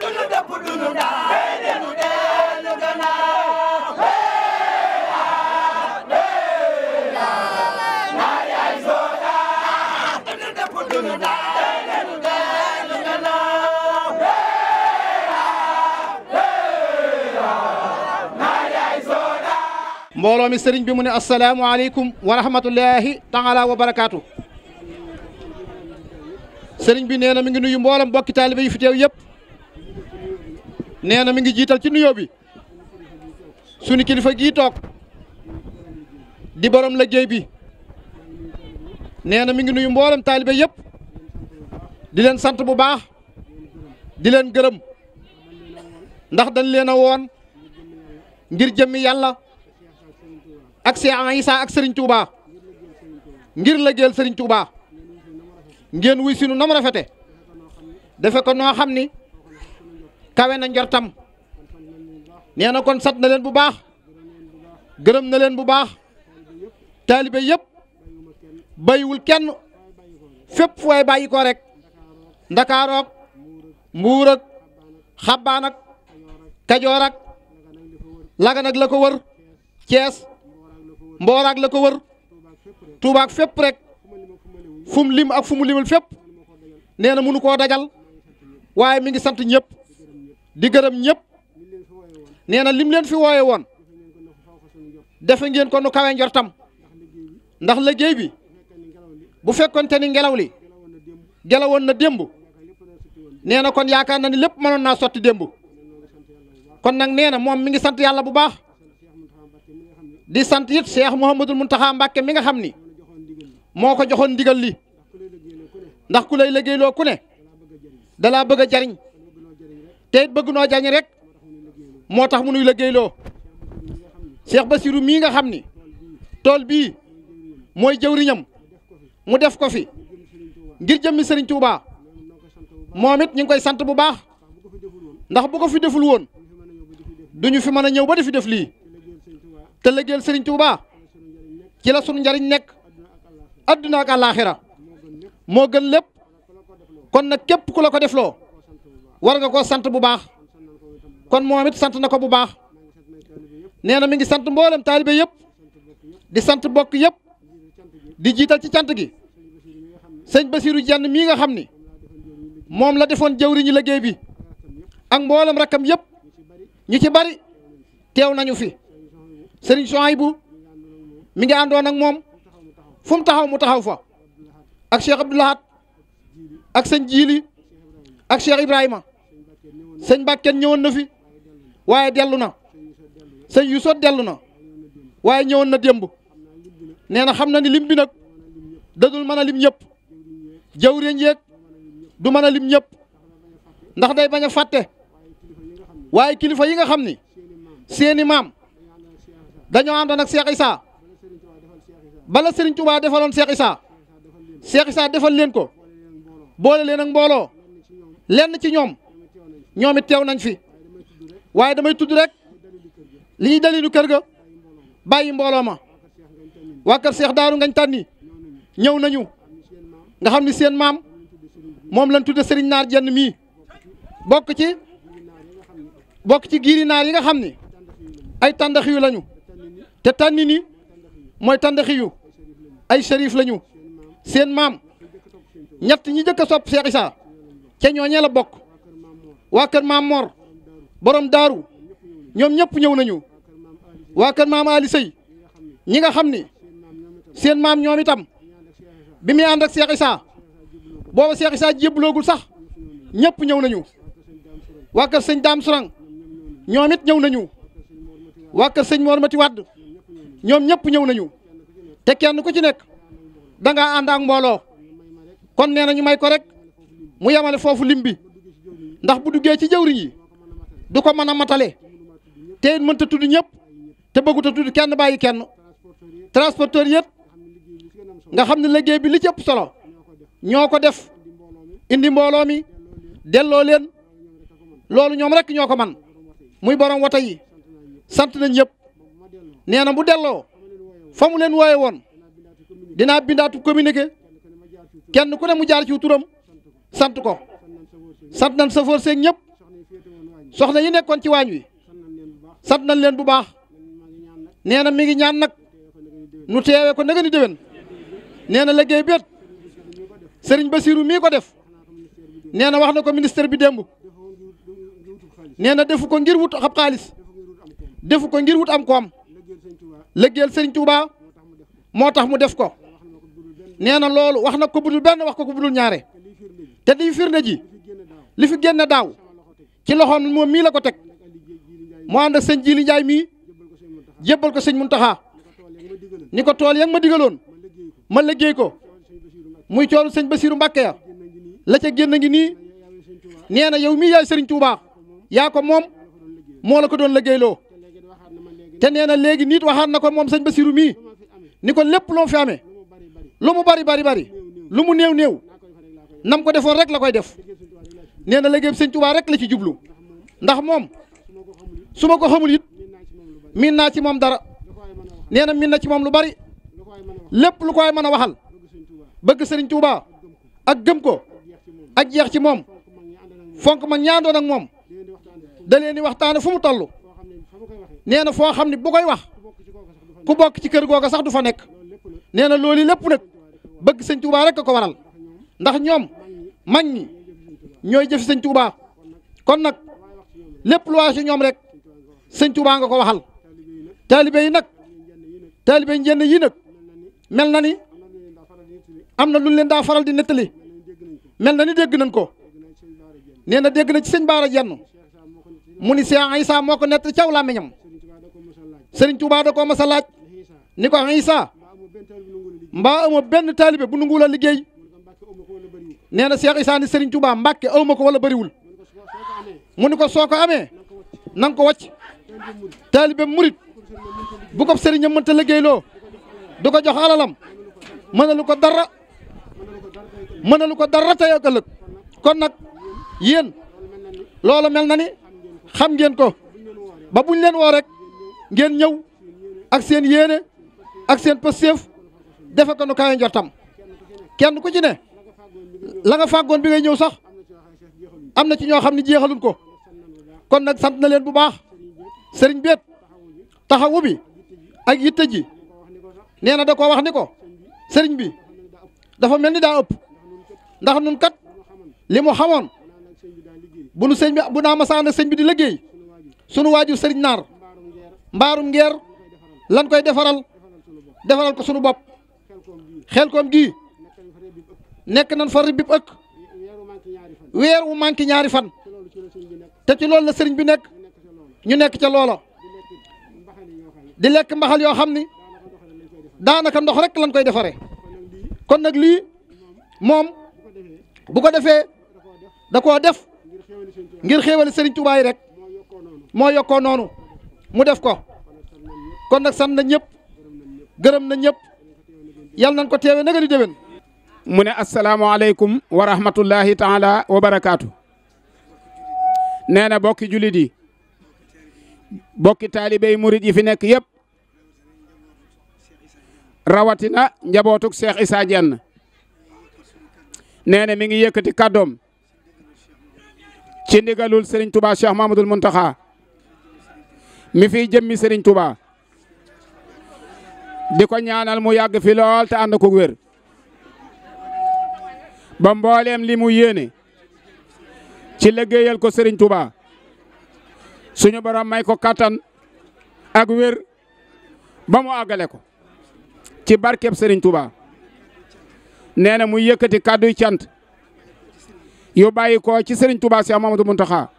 sunu dëpp sëriñ bi mu ne asalaamualeykum wa rahmatullahi taala wa barakaatu sëriñ bi nee na mi ngi nuyu mboolam mbokki taalibe yu fi teew yëpp nee na mi ngi jiital ci nuyoo bi sunu kilifa gii toog di la liggéey bi nee na mi ngi nuyu mboolem taalibe yépp di leen sant bu baax di leen gërëm ndax dañ leen a woon ngir jëmmi yàlla ak Cheikh Issa ak Serigne Touba ngir la liggéeyal Serigne Touba ngeen wuy sinu nam rafete defe ko noo xam ni kawe na njortam nee na kon sat na leen bu baax gërëm na leen bu baax taalibe yëpp bayiwul kenn fépp fu waay bàyyi ko rek ndakaaroog mbuur ak xabbaan ak kajoor la ko wër cees mboor ak la ko wër tuuba fépp rek fu mu lim ak fu mu fépp nee na mënu koo dajal waaye mi ngi sant ñëpp di gërëm ñëpp nee na lim leen fi wooye woon defe ngeen ko nu kawe njortam ndax liggéey bi bu fekkonte ni ngelaw li gelawoon na démb nee na kon yaakaar na ni lépp mënoon naa sotti démb kon nag nee na moom mi ngi sant yàlla bu baax di sant it Cheikh Mouhamadul Mountakha Mbacké mi nga xam ni moo ko joxoon ndigal li ndax ku lay liggéeyloo ku ne dalaa bëgg a jariñ te bëgg noo jañ rek moo tax mu nuy liggéeyloo ba Bassirou mii nga xam ni tool bii mooy jëwriñam mu def ko fi ngir jëmmi Serigne Touba moom it ñu ngi koy sant bu baax ndax bu ko fi deful woon duñu fi mën a ñëw ba defi def lii te liggéeyal Serigne Touba ci la sunu njariñ nekk adduna ak àllaaxira moo gën lépp kon nag képp ku la ko def loo war nga koo sant bu baax kon moom it sant na ko bu baax nee na mi ngi sant mboolem taalibe yëpp di sant bokk yëpp di jiital ci cant gi sëñ Basiiru Jenn mii nga xam ni moom la defoon jëwriñu liggéey bi ak mboolem rakkam yëpp ñu ci bari teew nañu fi sëriñ Souhaïbou mi ngi àndoon ak moom fu mu taxaw mu taxaw fa ak Cheikh Abdoulahat ak sëñ Jiili ak Cheikh Ibrahima sëñ Bakken ñëwoon na fi waaye dellu na sëñ Yuusuf dellu na waaye ñëwoon na démb nee na xam na ni lim bi nag dadul a lim ñëpp jawriñ yeeg du mën a lim ñëpp ndax day bañ a waaye kilifa yi nga xam ni seeni maam dañoo àndoon ak Cheikh Issa bala Serigne Touba defaloon Cheikh Issa defal leen ko boole leen ak mbooloo lenn ci ñoom. ñoom it teew nañ fi waaye damay tudd rek li ñuy dalilu kër ga bàyyi mbooloo ma waa kër Seex Daaru ngañ tànni ñëw nañu nga xam ni seen maam moom lañ tudde Serigne Naar jenn mii bokk ci bokk ci giiri naar yi nga xam ni ay tàndax yu lañu te tànni ni mooy tàndax yu ay shérif lañu seen maam ñett ñi njëkk a sopp Seex Isaa ca ñooñee bokk waa kër maam Mor borom daaru ñoom ñëpp ñëw nañu waa kër maam Ali ñi nga xam ni seen maam ñoom itam bi muy ànd ak Cheikh Issa booba Cheikh Issa jébloogul sax ñëpp ñëw nañu waa kër sëñ Daam Surang ñoom it ñëw nañu waa kër sëñ Mor Mati Wadd ñoom ñëpp ñëw nañu te kenn ku ci nekk danga ngaa ak mbooloo kon nee na ñu may ko rek mu yamale foofu lim bi ndax bu duggee ci jëwriñ yi du ko mën a matale te it mënta tudd ñëpp te bëggut a tudd kenn bàyyi kenn transporteur yëpp nga xam ne liggéey bi li ci ëpp solo ñoo ko def indi mbooloo mi delloo leen loolu ñoom rek ñoo ko man muy borom wata yi sant nañ ñëpp nee na bu delloo fa mu leen wooye woon dinaa bindaatu communiqué kenn ku ne mu jaar ci turam sant ko sant nañ sa force ñëpp na yi nekkoon ci waañ wi sant nañ leen bu baax nee na mi ngi ñaan nag nu teewee ko nagani déwén nee na liggéey béet sëriñ Basiru mii ko def nee na wax na ko ministère bi démb nee na defu ko ngir wut xab xaalis defu ko ngir wut am koom liggéeyal sëriñ Touba moo tax mu def ko nee na loolu wax na ko budul benn wax ko ko budul ñaare te di firnde ji li fi génne daaw ci loxoom moom mii la ko teg mu ànd ak sëñ Jili Njaay mii jébbal ko sëñ Muntaxa ni ko tool ya ma digaloon ma liggéey ko muy coolu sëñ Basiiru Mbàkke ya la ca génn ngi nii nee na yow mii yaay sëriñ Tuubaa yaa ko moom moo la ko doon liggéeyloo te nee na léegi nit waxaat na ko moom sëñ Basiiru mii ni ko lépp loo fi amee lu mu bari bari bari lu mu néew néew nam ko defoon rek la koy def nee na liggéeyam sëñ Tuubaa rek la ci jublu ndax moom su ma ko xamul it miin naa ci moom dara nee na miin na ci moom lu bari lépp lu koy mën a waxal bëgg sëriñ tuuba ak gëm ko ak jeex ci moom fonk ma ñaandoon ak moom da leen di waxtaane fu mu toll nee na foo xam ne bu koy wax ku bokk ci kër googa sax du fa nekk nee na loolu lépp nag bëgg sëñ Tuubaa rek a ko waral ndax ñoom mag ñi ñooy jëf sëñ Touba kon nag lépp lu waa si ñoom rek sëñ Touba nga ko waxal taalibe yi nag taalibe njënd yi nag mel na ni am na lu leen daa faral di nettali mel na ni dégg nañ ko nee na dégg na ci sëñ Baara Jenn mu ni Cheikh Issa moo ko nett caw làmmiñam sëriñ Touba da koo mas a laaj ni ko Issa mbaa amoo benn taalibe bu nanguwul a liggéey nee na Cheikh Issa ni Serigne Touba Mbacke aw ma ko wala bëriwul mu ko soo ko amee na nga ko wàcc taalibe murit bu ko Serigne am mënta liggéeyloo du ko jox alalam mënalu ko dara mënalu ko dara tey ak ëllëg kon nag yéen loolu mel na ni xam ngeen ko ba buñ leen woo rek ngéen ñëw ak seen yéene ak seen pësteef defe ko nu kaay njortam kenn ku ci ne. la nga fàggoon bi ngay ñëw sax am na ci ñoo xam ne jeexaluñ ko kon na sant na leen bu baax sëriñ beet taxawu bi ak yitte ji nee na da koo wax ni ko sëriñ bi dafa mel ni daa ëpp ndax nun kat li mu xamoon bu nu sëñ bi bu naa masaan ak sëñ bi di liggéey sunu waajur sëriñ naar mbaarum ngeer lan koy defaral defaral ko sunu bopp xel koom gii nekk nañ fa ribib ëkk weer wu manqué ñaari fan te ci loolu la sëriñ bi nekk ñu nekk ca loola di lekk mbaxal yoo xam ni daanaka ndox rek lañ koy defaree kon nag lii moom bu ko defee da koo def ngir xéewali sëriñ Tuubaa rek moo yokkoo noonu mu def ko kon nag san na ñëpp gërëm na ñëpp yal nañ ko teewe naga di déwén mu ne asalaamaaleykum wa rahmatullahi taala wa barakaatu. nee na bokki jullit yi bokki taalibey murit yi fi nekk yëpp rawatina njabootug Cheikh Issa Diène nee na mi ngi yëkkati kàddoom ci ndigalul Serigne Touba Cheikh Mahmadul mi fi jëmmi Serigne Touba di ko ñaanal mu yàgg fi lool te ànd ko wér. ba mbooleem li mu yéene ci liggéeyal ko Serigne Touba suñu borom may ko kattan ak wér ba mu àggale ko ci barkeb sëriñ Touba nee na mu yëkkati kàdduy cant yu bàyyi ko ci Serigne Touba si Mamadou Mountakha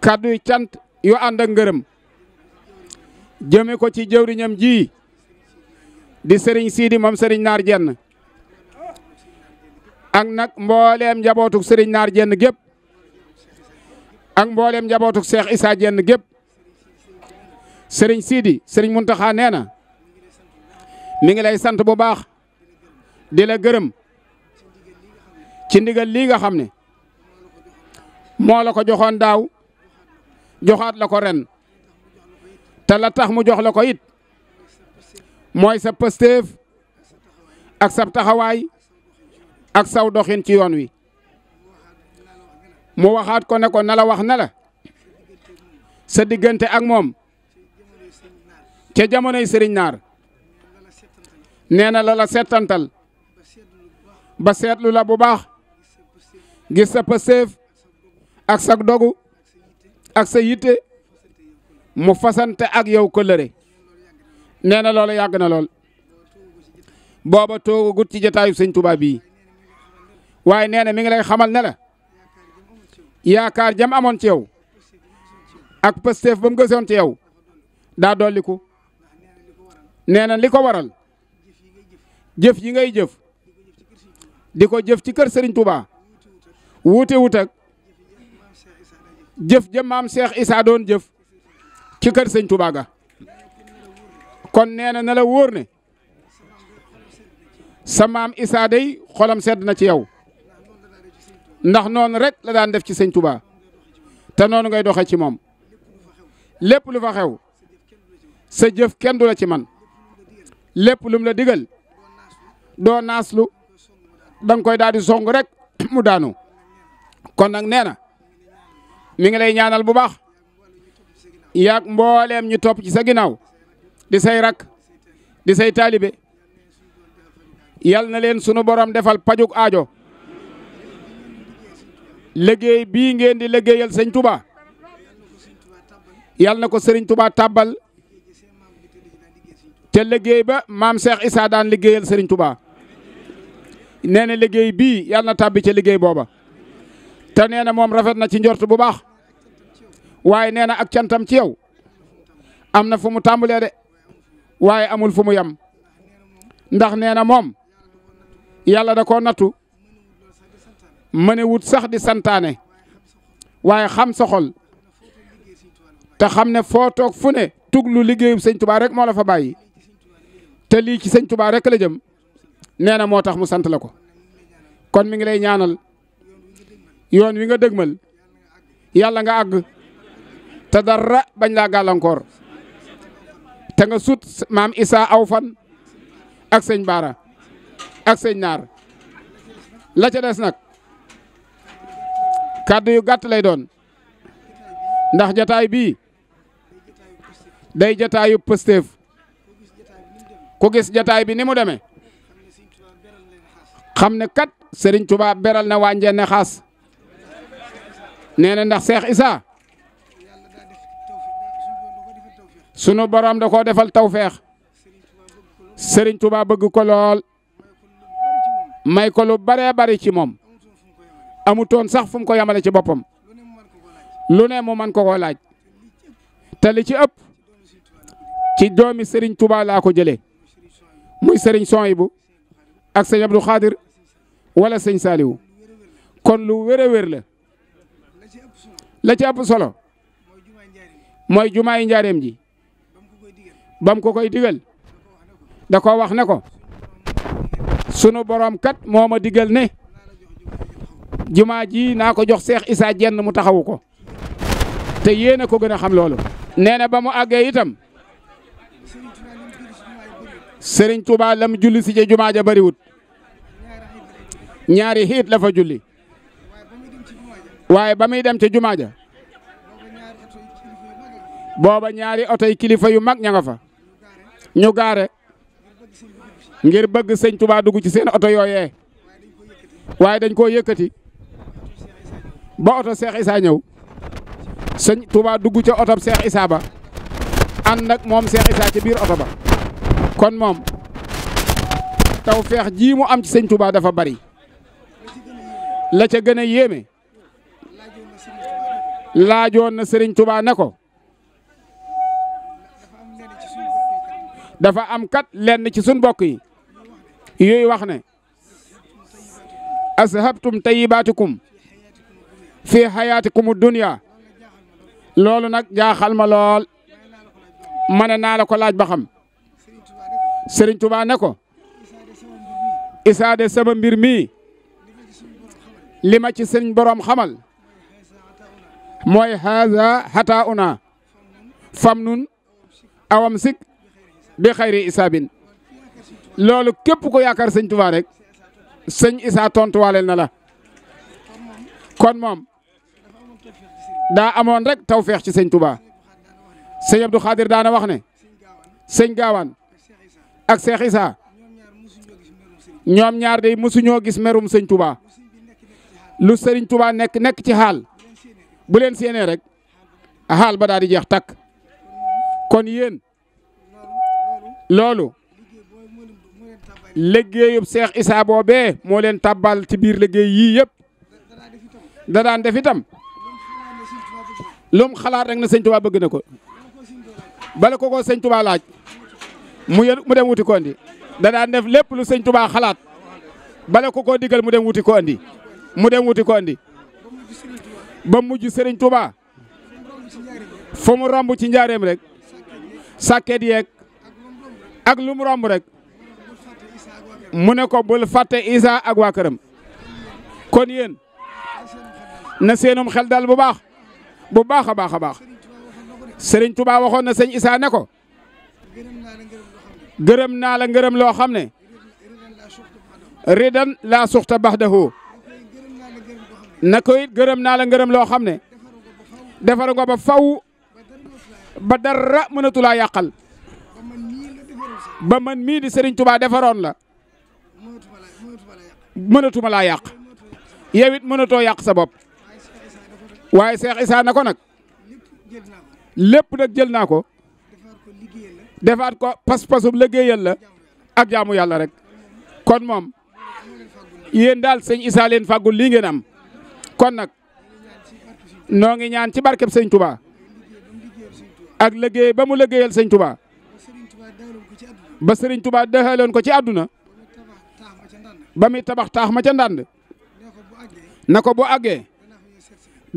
kàdduy cant yu ànd ak jëme ko ci jëwriñam ji di Serigne Sidi moom Serigne Naar Jenn ak nag mbooleem njabootuk Serigne Naar Jenn gépp ak mbooleem njabootuk Cheikh Jenn gépp Serigne Sidi Serigne Muntaxa nee na mi ngi lay sant bu baax di la gërëm ci ndigal lii nga xam ne moola ko joxoon daaw joxaat la ko ren te la tax mu jox la ko it mooy sa pësteef ak sa taxawaay ak saw doxin ci yoon wi mu waxaat ko ne ko na la wax na la sa diggante ak moom ca jamonoy sëriñ naar nee na la la seetantal ba seetlu la bu baax gis sa pëseef ak sa dogu ak sa yitte mu fasante ak yow këllëre nee na loolu yàgg na lool booba toogagut ci jataayu sëñ Tuubaa bii waaye nee na mi ngi lay xamal ne la yaakaar jam amoon ci yow ak pësteef ba mu ci yow daa dolliku nee na li ko waral jëf yi ngay jëf di ko jëf ci kër Serigne Touba wuute wut jëf jëm maam Cheikh jëf ci kër Serigne Touba ga kon nee na na wóor ne sa maam Issa day xolam sedd na ci yow ndax noonu rek la daan def ci sëñ Touba te noonu ngay doxe ci moom lépp lu fa xew sa jëf kenn du la ci man lépp lum la digal doo naaslu da nga koy daal song rek mu daanu kon nag nee na mi ngi lay ñaanal bu baax yaag mbooleem ñu topp ci sa ginnaaw di say rak di say taalibe yal na leen sunu borom defal pajuk aajo liggéey bii ngeen di liggéeyal sëñ tubaa yàlla na ko sëriñ tubaa tàbbal te liggéey ba maam seex Issa daan liggéeyal sëriñ tubaa nee na liggéey bii yàlla na tàbbi ca liggéey booba te nee na moom rafet na ci njort bu baax waaye nee na ak cantam ci yow am na fu mu tàmbalee de waaye amul fu mu yem ndax nee na moom yàlla da koo nattu. ma ne wut sax di santaane waaye xam sa xol te xam ne foo toog fu ne tuglu liggéeyub sëñ tubaa rek moo la fa bàyyi te lii ci sëñ tubaa rek la jëm nee na moo tax mu sant la ko kon mi ngi lay ñaanal yoon wi nga dëgmal yàlla nga àgg te dara bañ laa gàllankoor te nga sut maam Issa aw fan ak sëñ Baara ak sëñ Naar la ca nag kàddu yu gàtt lay doon ndax jataay bii day jataayu pësteef ku gis jataay bi ni mu deme xam ne kat sëriñ tubaab beral na waa Njenne xas nee na ndax Cheikh Issa sunu borom da koo defal tawféex Serigne Touba bëgg ko lool may ko lu bari ci moom. amutoon sax fu mu ko yamale ci boppam lu ne mu man ko koo laaj te li ci ëpp ci doomi sëriñ Touba laa ko jëlee muy Serigne Sonhibou ak sëñ Abdou Khadir wala sëñ Saliou kon lu wér a la ci ëpp solo mooy jumaayi njaareem ji bam ko koy digal da ko wax ne ko sunu borom kat moo ma digal ne. jumaa ji naa ko jox Cheikh Issa Dieng mu taxawu ko te yéen a ko gën a xam loolu. nee na ba mu àggee itam Serigne la lam julli si ja jumaa ja bariwut ñaari xiit la fa julli waaye ba muy dem ca jumaa ja booba ñaari otoy yi kilifa yu mag ña nga fa ñu gaare ngir bëgg sëñ Touba dugg ci seen oto yooyee waaye dañ koo yëkkati. ba oto Cheikh Issa ñëw sëñ Touba dugg ca oto Cheikh Issa ba ànd moom Cheikh Issa ci biir oto ba kon moom taw feex ji mu am ci sëñ dafa bari la ca gën a yéeme laajoon na sëriñ Touba ne ko dafa am kat lenn ci suñ bokk yi yooyu wax ne ashabtum tayibaatikum fii xayaatikumu dunya loolu nag jaaxal ma lool ma ne naa ko laaj ba xam Serigne Touba ne ko Issa de sama mbir mii li ma ci sëñ borom xamal mooy haza hata una fam nun awam sik bi xayri isaabin loolu képp ko yaakaar sëñ Touba rek sëñ Issa tontuwaaleel na la kon moom daa amoon rek tawfeex ci sëñ Touba sëñ Abdou Khadir daana wax ne sëñ Gaawaan ak Seex Isaa ñoom ñaar day mësuñoo gis merum sëñ Touba lu sëriñ Touba nekk nekk ci xaal bu leen séenee rek xaal ba daal di jeex takk kon yéen loolu liggéeyub Seex Isaa boobee moo leen tabbal ci biir liggéey yii yëpp da daan def itam lu xalaat rek na sëñ Tuubaa bëgg na ko bala ko ko sëñ Tuubaa laaj mu yë mu dem wuti ko andi da daan def lépp lu sëñ Tuubaa xalaat bala ko ko digal mu dem wuti ko andi mu dem wuti ko andi ba mujj sëriñ Tuubaa fa mu romb ci njaareem rek sàkket yeeg ak lu mu romb rek mu ne ko bul fàtte Isa ak waa këram kon yéen na seenum xel dal bu baax. bu baax a baax a baax sëriñ tubaa waxoon na sëñ Issa ne ko gërëm naa la ngërëm loo xam ne ridan laa suxta baxdahu na ko it gërëm naa la ngërëm loo xam ne defar nga ba faw ba dara mënatulaa yàqal ba man mii sëriñ tubaa Touba defaroon la mënatuma laa yàq yow it mënatoo yàq sa bopp waaye Cheikh Issa na ko nag lépp nag jël naa ko defaat ko pas-pasub liggéeyal la ak jaamu yàlla rek kon moom yéen daal sëñ Issa leen fàggul lii ngeen am kon nag noo ngi ñaan ci barkeb sëñ Touba ak liggéey ba mu liggéeyal sëñ Touba ba sëriñ Touba dëxaloon ko ci àdduna ba muy tabax taax ma ca ndànd na ko bu àggee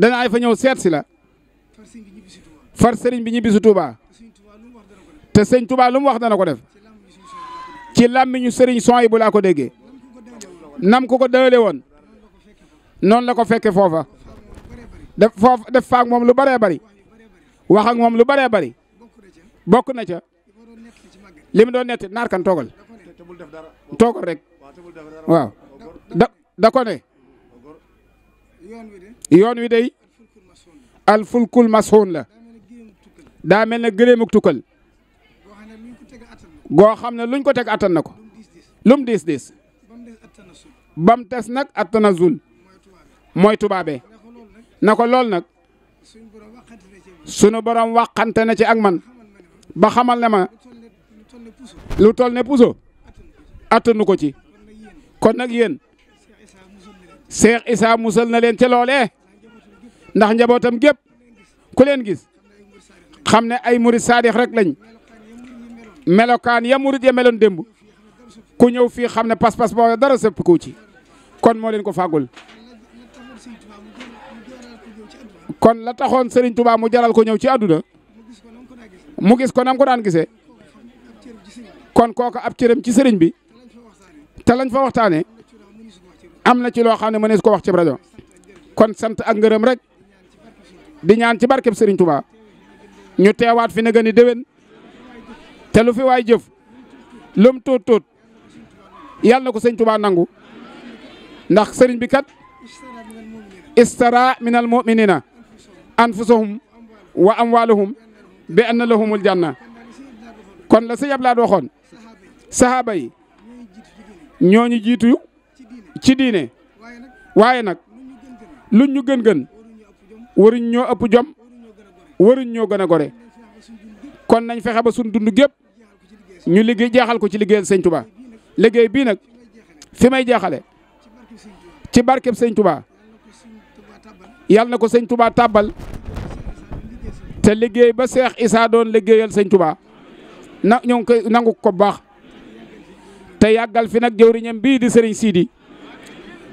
danaay fa ñëw seet si la far sëriñ bi ñibbi si Touba te sëñ Touba lu mu wax dana ko def ci làmmiñu sëriñ son yi bu laa ko déggee nam ko ko dële woon noonu la ko fekke foofa def foofa def faak moom lu bëree bari wax moom lu bëree bëri bokk na ca li mu doon netti naar kan toogal toogal rek waaw da da ko ne yoon wi day alfulkul masxuun la daa mel ne gëléemuk tukkal goo xam ne luñ ko teg attan ko lum diis diis bam tes nag attana mooy tubaabe na ko lool nag sunu borom waxante na ci ak man ba xamal ne ma lu toll ne puso attanu ko ci kon nag yéen Cheikh Issa musal na leen ca ndax njabootam gépp ku leen gis xam ne ay murid saadix rek lañ melokaan ya murid ya meloon démb ku ñëw fii xam ne pas-pas boo dara sëpp ko ci kon moo leen ko fàggul kon la taxoon sëriñ Touba mu jaral ko ñëw ci àdduna mu gis ko nam ko daan gisee kon kooka ab cërëm ci sëriñ bi te lañ fa waxtaanee. am na ci loo xam ne mënees ko wax ci kon sant ak ngërëm rek di ñaan ci barkeb Serigne Touba ñu teewaat fi na gën a déwén fi waay jëf lum tuut tuut yàlla na ko sëñ Touba nangu ndax sëriñ bi kat istara minal muminina anfusahum wa amwaluhum bi anna lahumul janna kon la sëñ Abdoulaye waxoon sahaaba ñooñu jiitu ci diine waaye nag luñ ñu gën gën waruñ ñoo ëpp jom waruñ ñoo gën a gore kon nañ fexe ba suñ dund gépp ñu liggéey jeexal ko ci liggéeyal sëñ Touba liggéey bii nag fi may jeexale ci barkeb sëñ Touba yàlla na ko sëñ Touba tàbbal te liggéey ba Seex Isaa doon liggéeyal sëñ Touba na ñoo ngi koy nangu ko baax te yàggal fi nag jëwriñam bii di sëriñ siidi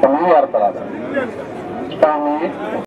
te mu war a